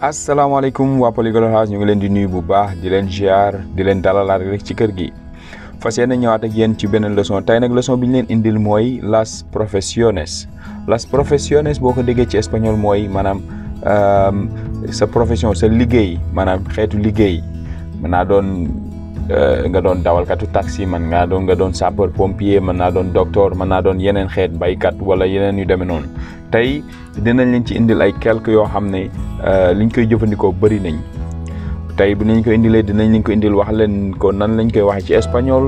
asalaamaaleykum waa Polyglot House ñu ngi leen di nuyu bu baax di leen ziar di leen dalalaat rek ci kër gi fas yéene ñëwaat ak yéen ci beneen leçon tey nag leçon bi ñu leen indil mooy las professiones las profesiones boo ko déggee ci espagnol mooy maanaam euh, sa profession sa liggéey maanaam xeetu liggéey mën naa doon. Eh, nga doon dawalkatu taxi man ngaa doon nga doon sapeur pompier mën naa doon docteur mën naa doon yeneen xeet baykat wala yeneen yu demee noonu tey dinañ leen ci indil ay quelques yoo xam ne eh, li ñu koy jëfandikoo bëri nañ tey bu nañ ko indilee dinañ leen ko indil wax leen ko nan lañ koy waxee ci espagnol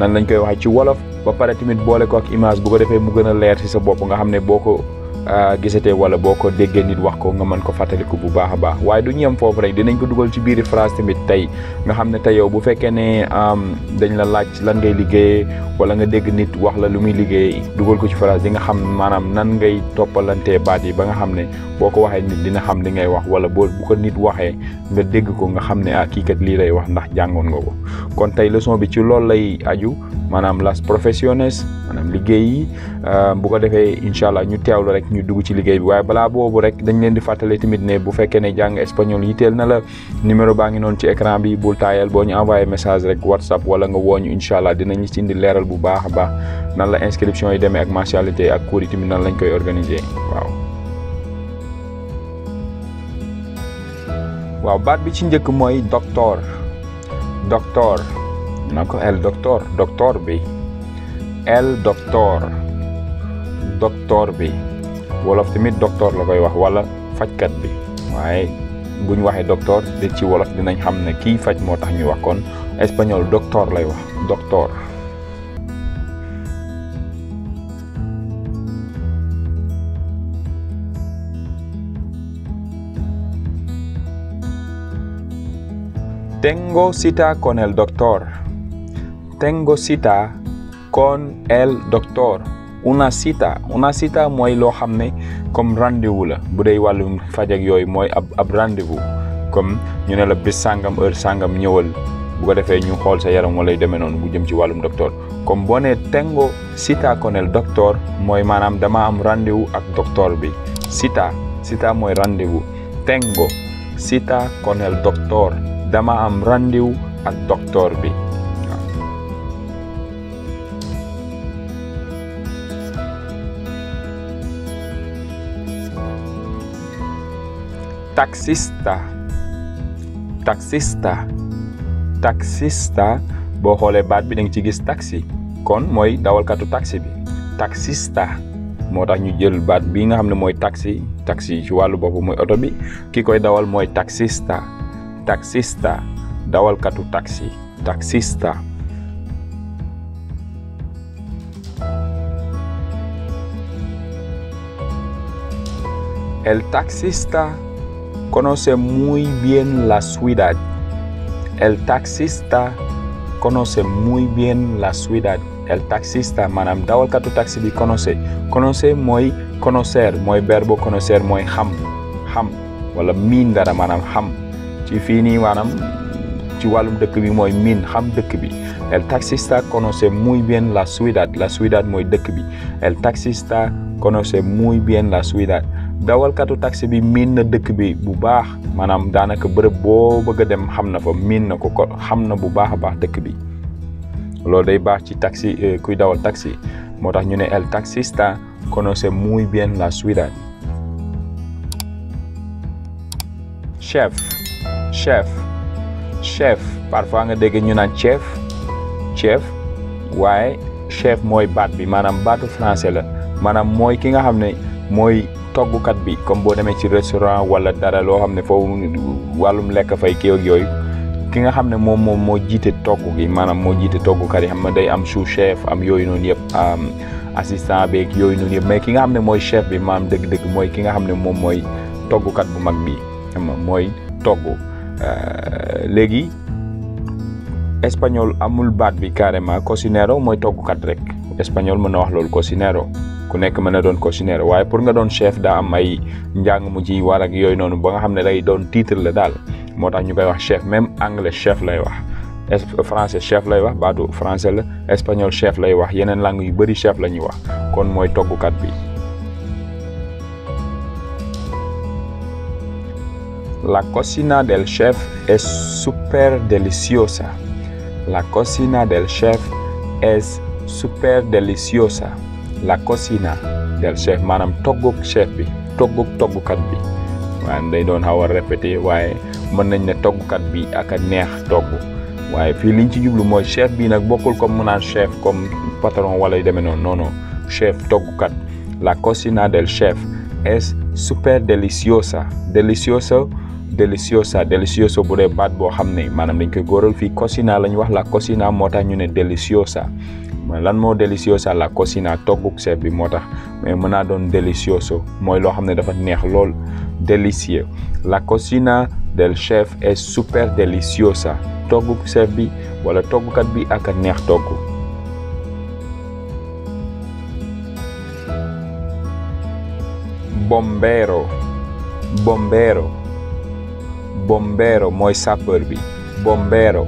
nan lañ koy waxee ci wolof ba pare tamit boole ko ak image bu ko defee mu gën a leer si sa bopp nga xam ne boo ko Ah, gisatee wala boo ko déggee nit wax ko nga mën ko fàttaliku bu baax a baax waaye du ñu yem foofu rek dinañ ko dugal ci biiri phrase tamit tey nga xam ne tey yow bu fekkee ne dañ la laaj lan ngay liggéeyee wala nga dégg nit wax la lu muy liggéey dugal ko ci phrase di nga xam maanaam nan ngay toppalantee baat yi ba nga xam ne boo ko waxee nit dina xam li ngay wax wala boo bu ko nit waxee nga dégg ko nga xam ne ah kii kat lii lay wax ndax jàngoon nga kon tey leçon bi ci loolu lay aju maanaam las professiones liggéey yi ah, bu ko defee incha allah ñu teewlu rek ñu dugg ci liggéey bi waaye balaa boobu rek dañ leen di fàttale tamit ne bu fekkee ne jàng espagnol yitteel na la numéro baa ngi noonu ci écran bi bul taayal boo ñu envoyé message rek whatsapp wala nga wooñu incha allah dinañu ci leeral bu baax a baax nan la inscription yi demee ak mensualité ak cours yi tamit nan lañ koy organiser waaw baat bi ci njëkk mooy docteur docteur na ko el docteur docteur bi el docteur bi wolof tamit docteur la koy wax wala fajkat bi waaye bu ñu waxee ci wolof dinañ xam ne kii faj moo tax ñu wax kon espagnol docteur lay wax docteur. Tengo cita con el doctor. Tengo cita mooy loo xam ne comme rendez wu la bu dee wàllum faj yooyu mooy ab ab rendez-vous comme ñu ne la bis sàngam heure sàngam ñëwal bu ko defee ñu xool sa yaram walay demee noonu bu jëm ci wàllum docteur comme boo nee tengo sita con el doctor mooy maanaam dama am rendez-vous ak docteur bi cita cita mooy rendez-vous tengo cita con el dama am rendez ak docteur bi taksista taksista taxista boo xoolee baat bi da ci gis taksi kon mooy dawalkatu taxi bi taxista moo tax ñu jël baat bi nga xam ne mooy taxi taxi ci wàllu bopp mooy oto bi ki koy dawal mooy taxista taxista dawalkatu taksi taksista el taxista conoce muy bien la ciudad. El taxista conoce muy bien la ciudad. El taxista maanaam dawalkatu taxi bi conoce conoce mooy conocer mooy verbo mooy xam xam wala miin dara maanaam xam ci fii nii ci wàllum dëkk bi mooy miin xam dëkk bi el taxista conoce muy bien la ciudad la ciudad mooy dëkk bi el taxista conoce muy bien la ciudad dawalkatu taxi bi miin na dëkk bi bu baax maanaam daanaka bërëb boo bëgg a dem xam na fa miin na ko ko xam na bu baax a baax dëkk bi loolu day baax ci taxi euh, kuy dawal taxi moo tax ñu ne el taxista conoce muy bien la ciudad chef chef chef parfois nga dégg ñu naan chef chef waaye chef mooy baat bi maanaam baatu français la maanaam mooy ki nga xam ne mooy toggukat bi comme boo demee ci restaurant wala dara loo xam ne foofu wàllum lekk fay kii ak yooyu ki nga xam ne moom moom moo jiite togg bi maanaam moo jiite toggkat yi xam ne day am sous chef am noonu yëpp assistant beeg yooyu mais ki nga xam ne mooy chef bi maam dëgg-dëgg mooy ki nga xam ne moom mooy toggkat bu mag bi xam mooy togg euh, léegi espagnol amul baat bi carrément cocinero mooy toggukat rek espagnol mën na wax loolu cocinero ku nekk mën na doon cochinelle waaye pour nga doon chef daa am ay njàng mu ci war yooyu noonu ba nga xam ne day doon titre la daal moo tax ñu koy wax chef même anglais chef lay wax. français chef lay wax baatu français la espagnol chef lay wax yeneen langue yu bëri chef la ñuy wax kon mooy toggukat bi. La cocina del chef es super deliciosa. La cocina del chef es super deliciosa. la cocina del chef maanaam togguk chef bi togguk toggukat bi waaye day doon xaw répété waaye mën nañ ne toggukat bi ak a neex togg waaye fii liñ ci jublu mooy chef bi nag bokkul comme mu naan chef comme patron wala yu demee noonu non non chef toggukat la cocina del chef es super deliciosa deliciosa deliciosa delicioso bu dee baat boo xam ne maanaam dañ koy góoral fii cocina la ñu wax la cocina moo tax ñu ne deliciosa lan moo deliciosa la cocina togguk ceeb bi moo tax mais mën naa doon delicioso mooy loo xam ne dafa neex lool délicieux la cocina del chef est super deliciosa togguk chef bi wala toggkat bi ak a neex togg bombero bombero bombero mooy sapeur bi bombero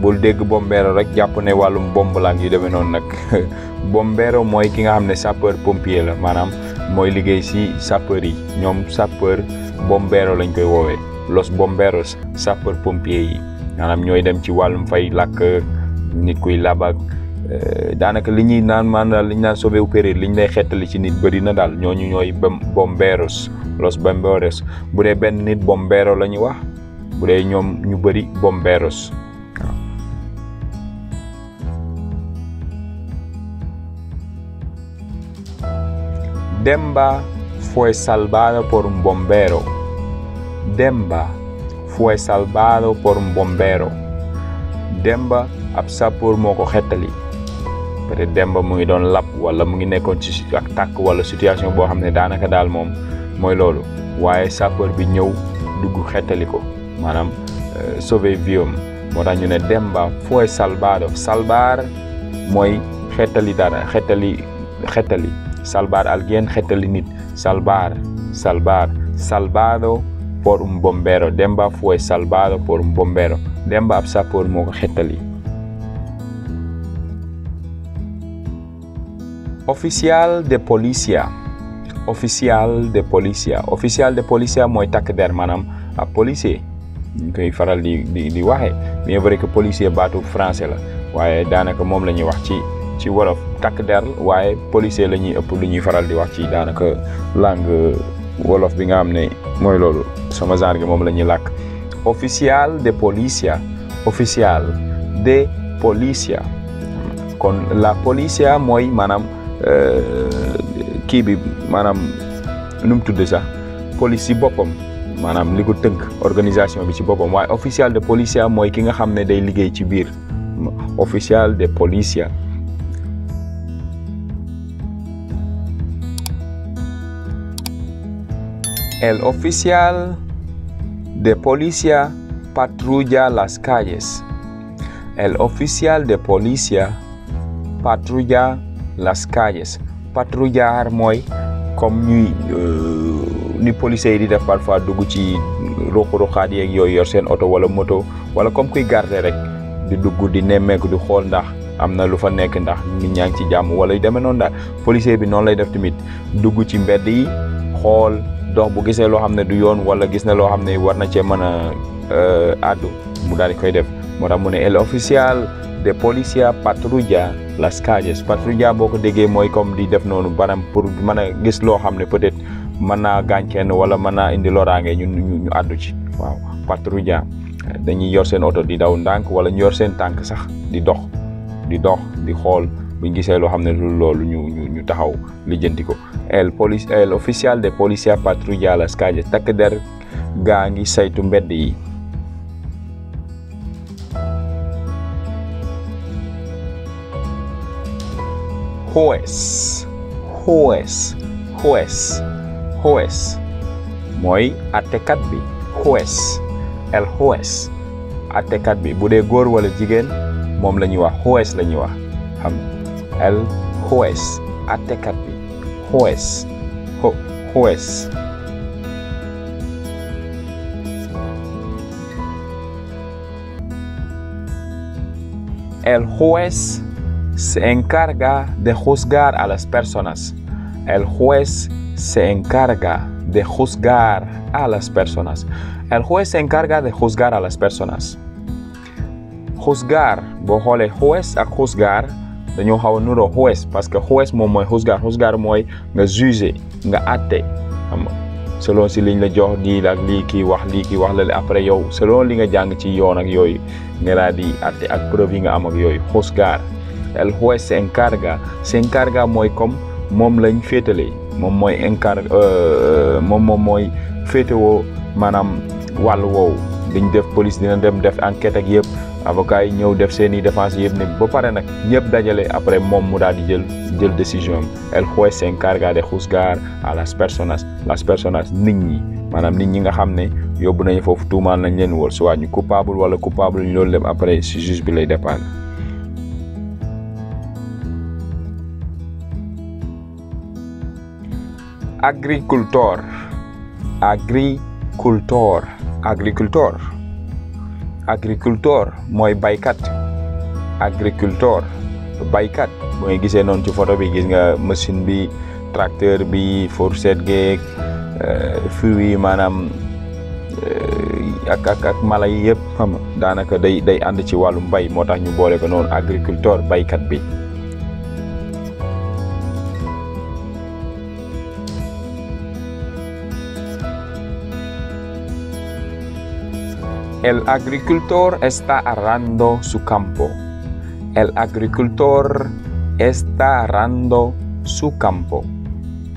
bul dégg bombeero rek jàpp ne wàllum bomb la ak demee noonu nag bombeero mooy ki nga xam ne sapeur pompier la maanaam mooy liggéey si sapeur yi ñoom sapeur bombeero lañ koy woowee los bombeeros sapeur pompier yi maanaam ñooy dem ci wàllum fay làkk nit kuy labak eh, daanaka li ñuy naan maan daal li ñu naan sauver ou périr li ñu lay xetali ci nit bëri na daal ñoo ñu ñooy bomberos los bomberos bu dee benn nit bombero la ñuy wax bu dee ñoom ñu bëri bomberos Demba fue salvado por un bombero. Demba fue salvado por un bombero. Demba ab sapeur moo ko xettali peut être Demba mu ngi doon lap wala mu ngi nekkoon ci ak tàkk wala situation boo xam ne daanaka daal moom mooy loolu waaye sapeur bi ñëw dugg xettali ko maanaam eh, sauver viom moo tax ñu ne Demba fue salvado salbaar mooy xettali dara xettali xettali salvar a alguien Getalinit, salvar, salvar, salvado por un bombero. Demba fue salvado por un bombero. Demba ab por moo Getali. Oficial de policía. Oficial de policía. Oficial de policía mooy takk der maanaam ab policier ñu koy faral di di di waxee bien vrai que policier baatu français la waaye daanaka moom la ñuy wax ci ci wolof takk der waaye policier la ñuy ëpp lu ñuy faral di wax ci daanaka langue wolof bi nga xam ne mooy loolu sama genre gi moom la ñuy làkk oficial de policia oficial de policia kon la policia mooy maanaam euh, kii bi maanaam nu mu tudd sax police ci boppam maanaam li ko tëgg organisation bi ci boppam waaye officiel de policia mooy ki nga xam ne day liggéey ci biir officiel de policia El oficial de policía patrulla las calles. El oficial de policía patrulla las calles. Patrouillard mooy comme ñuy euh, ni policiers yi di def parfois dugg ci ruq-ruqaat yeeg yooyu yor seen oto wala moto wala comme kuy garder rek di dugg di nemmeeku di xool ndax am na lu fa nekk ndax nit ñaa ngi ci jàmm wala yu demee noonu daal policier bi noonu lay def tamit dugg ci mbedd yi xool. dox bu gisee loo xam ne du yoon wala gis na loo xam ne war na cee mën a euh, àddu mu daal di koy def moo tax mu ne el oficial de policía patrulla las calles patrulla boo ko déggee mooy comme di def noonu baram pour mën a gis loo xam ne peut-être mën naa gaañ kenn wala mën naa indi loraange ñun ñu ñu àddu ci waaw patrulla dañuy yor seen oto di daw ndànk wala ñu yor seen tànk sax di dox di dox di xool buñ gisee loo xam ne lu loolu ñu ñu ñu taxaw lijjanti ko el police el oficial de policía patrulla las calles takk der gaa ngi saytu mbedd yi juez juez juez mooy attekat bi juez el juez attekat bi bu dee góor wala jigéen moom la ñuy wax juez la wax xam el juez atekat bi juez ho juez El juez se encarga de juzgar a las personas. El juez se encarga de juzgar a las personas. El juez se encarga de juzgar a las personas. Juzgar, bojole juez a juzgar. dañoo xaw a nuroo xuwees parce que xuwees moom mooy xusgaar xusgaar mooy nga juger nga àtte xam nga si liñ la jox la ak lii kii wax lii kii wax la après yow selon li nga jàng ci yoon ak yooyu nga daal di àtte ak preuve yi nga am ak yooyu xusgaar el juez se encarga se encarga mooy comme moom lañ féetale moom mooy encarga euh, euh, moom moom mooy féetewoo maanaam wàll woowu liñ def police dina dem def enquete ak yëpp avocat yi ñëw def seen i défense yëpp ne ba pare nag ñëpp dajale après moom mu daal di jël jël décision el juez se encarga de juzgar a las personas las personas nit ñi maanaam nit ñi nga xam ne yóbbu nañu foofu tuumaal nañ leen woon soit ñu coupable wala coupable ñu loolu lépp après si juge bi lay dépendre agricultor agricultor agricultor agriculteur mooy baykat agriculteur baykat mooy gisee noonu ci photo bi gis nga machine bi tracteur bi fourchette geeg euh, fruits yi maanaam euh, ak ak ak mala yi yëpp xam daanaka day day ànd ci wàllum mbay moo tax ñu boole ko noonu agriculteur baykat bi El agricultor está arando su campo. El agricultor está arando su campo.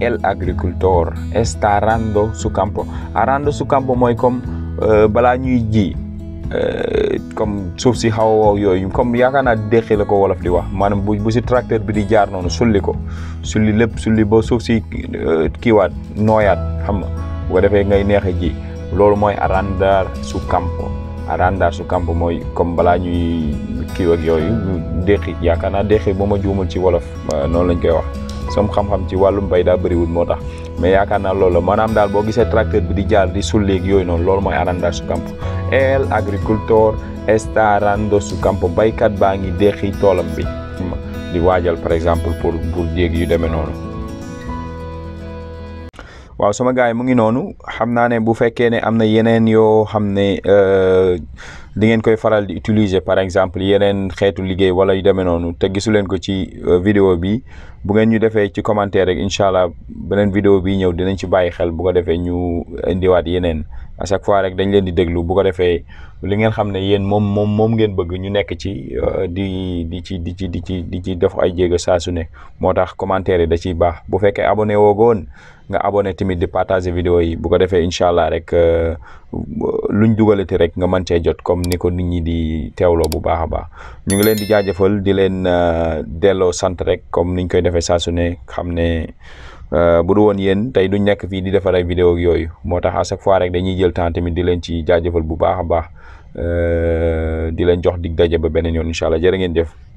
El agricultor está arando su campo. Arando su campo mooy comme euh, balaa ñuy ji euh, comme suuf si xaw wow yooyu comme yaakaar naa deqi la ko wolof di wax maanaam bu bu si tracteur bi di jaar noonu sulli ko sulli lépp sulli ba suuf si euh, kiiwaat nooyaat xam nga bu defee ngay neex a ji. loolu mooy arrendar su campo arrendar su campo mooy comme balaa ñuy kii ak yooyu déqi yaakaar naa déqi boo ma juumul ci wolof noonu lañ koy wax sam xam-xam ci wàllum mbay daa bëriwul moo tax mais yaakaar naa loolu la maanaam daal boo gisee tracteur bi di jaar di sul sulleeg yooyu noonu loolu mooy arrendar su campo el agricultor está arrendando su campo baykat baa ngi déqi toolam bi di waajal par exemple pour pour jéeg yu demee noonu waaw sama gars yi mu ngi noonu xam naa ne bu fekkee ne am na yeneen yoo xam ne euh, di ngeen koy faral di utiliser par exemple yeneen xeetu liggéey wala yu demee noonu te gisu leen ko ci euh, video bi bu ngeen ñu defee ci commentaire rek incha allah beneen vidéo bi ñëw dinañ ci bàyyi xel bu ko defee ñu euh, indiwaat yeneen à chaque fois rek dañ leen di déglu bu ko defee li ngeen xam ne yéen moom moom moom ngeen bëgg ñu nekk ci euh, di di ci di ci di ci di ci def ay jéego saa su ne moo tax commentaire yi da ciy baax bu fekkee abone woogoon nga abone tamit di partager vidéo yi bu ko defee incha allah rek euh, luñ dugalati rek nga mën cee jot comme ni ko nit ñi di teewloo bu baax a baax ñu ngi leen di jaajëfal di leen euh, delloo sant rek comme niñ koy defee saa su ne xam ne. Euh, bu du woon yéen tey duñ nekk fii di defar ay vidéo ak yooyu moo tax à chaque fois rek dañuy jël temps tamit di leen ci jaajëfal bu baax a baax euh, di leen jox dig daje ba beneen yoon incha allah jërë ngeen jëf.